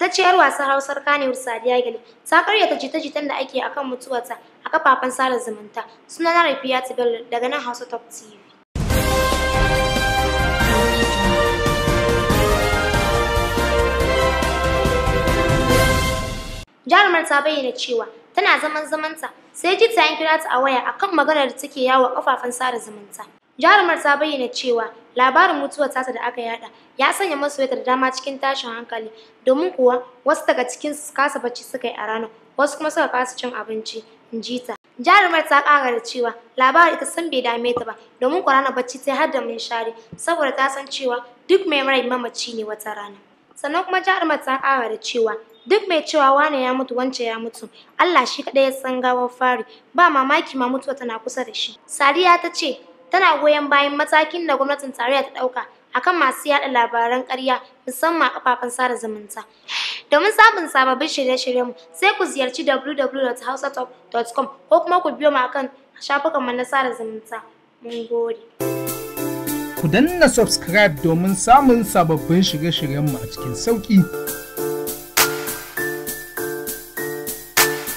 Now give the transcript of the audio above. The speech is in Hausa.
yar wasan hausar kane sadiya gani ta karyata jita-jitan da ake akan mutuwarta a kafafen sada zumunta suna na rafiya bello daga nan hausa top tv jarumar ta bayyana cewa tana zaman zamanta sai jita ya kira ta a waya akan maganar da take yawo a kafafen sada zumunta jarumar ta bayyana cewa labarin mutuwar tasa da aka yada ya sanya masoyata da dama cikin tashin hankali domin kuwa wasu daga cikin su kasa bacci suka yi a rana, wasu kuma suka kasa cin abinci in ji ta jarumar ta kara da cewa labarin ita san bai dame ta ba domin kuwa ranar bacci sai har da mun share saboda ta san cewa duk mai mara mamaci ne wata rana sannan kuma jarumar ta kara da cewa duk mai cewa wane ya mutu wance ya mutu Allah shi kaɗai ya san gawar fari ba mamaki ma mutuwa tana kusa da shi Sadiya ta ce tana goyon bayan matakin da gwamnatin tarayya ta ɗauka akan masu yaɗa labaran ƙarya musamman a kafafen sada zumunta. Domin samun sababbin shirye mu sai ku ziyarci www.hausatop.com ko kuma ku biyo mu akan shafukanmu na sada zumunta. Mun gode. Ku danna subscribe domin samun sababbin shirye shiryen mu a cikin sauƙi.